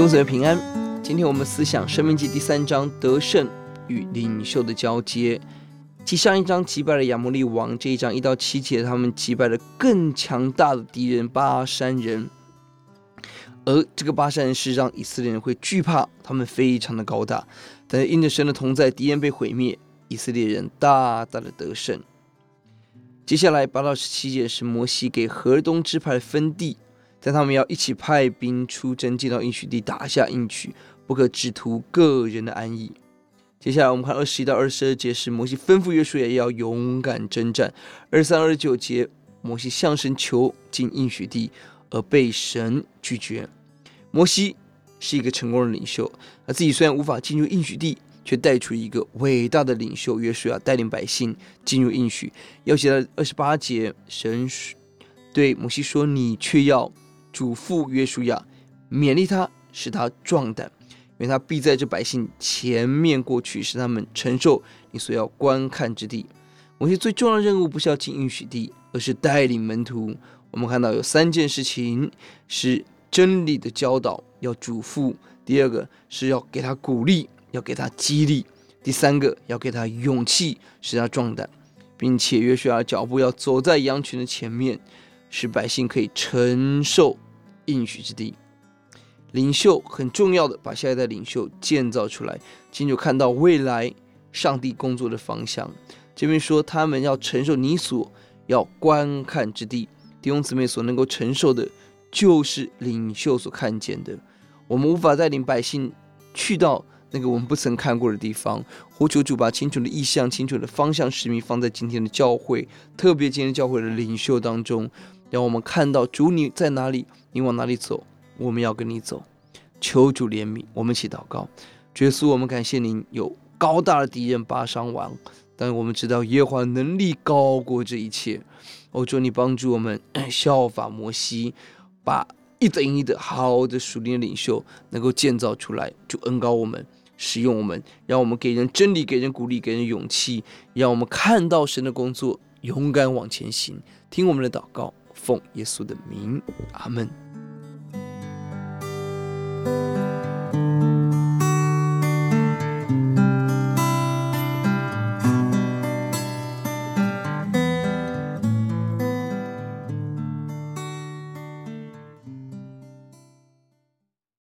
各位平安。今天我們思想《申命記》第三章得勝與領袖的交接。繼上一章擊敗了亞摩利王，這一章一到七節，他們擊敗了更強大的敵人巴珊人。而這個巴珊人是讓以色列人會懼怕，他們非常的高大。但是因着神的同在，敵人被毀滅，以色列人大大的得勝。接下來八到十七節是摩西給河東支派的分地。但他們要一起派兵出征，進到應許地，打下應許，不可只圖個人的安逸。接下來我們看二十一到二十二節時，摩西吩咐約書亞要勇敢征戰。二十三二十九節，摩西向神求進應許地，而被神拒絕。摩西是一個成功的領袖，他自己雖然無法進入應許地，卻帶出一個偉大的領袖約書亞，帶領百姓進入應許。要寫到二十八節，神對摩西說：“你卻要。”囑咐約書亞，勉勵他，使他壯膽，因為他必在這百姓前面過去，使他們承受你所要觀看之地。摩西最重要的任務不是要進應許地，而是帶領門徒。我們看到有三件事情是真理的教導，要囑咐；第二個是要給他鼓勵，要給他激勵；第三個要給他勇氣，使他壯膽，並且約書亞的腳步要走在羊群的前面。使百姓可以承受應許之地，領袖很重要的把下一代領袖建造出來。清楚看到未來上帝工作的方向，這邊說他們要承受你所要觀看之地，弟兄姊妹所能夠承受的，就是領袖所看見的。我們無法帶領百姓去到那個我們不曾看過的地方。呼求主把清楚的意向、清楚的方向、使命放在今天的教會，特別今天教會的領袖當中。讓我們看到主，你在哪裡，你往哪裡走，我們要跟你走。求主憐憫，我們一起禱告。耶穌，我們感謝您有高大的敵人巴珊王，但我們知道耶和華能力高過這一切。我求你幫助我們、嗯、效法摩西，把一等一的好好的屬靈的領袖能夠建造出來。主恩膏我們，使用我們，讓我們給人真理，給人鼓勵，給人勇氣。讓我們看到神的工作，勇敢往前行。聽我們的禱告。奉耶穌的名，阿門。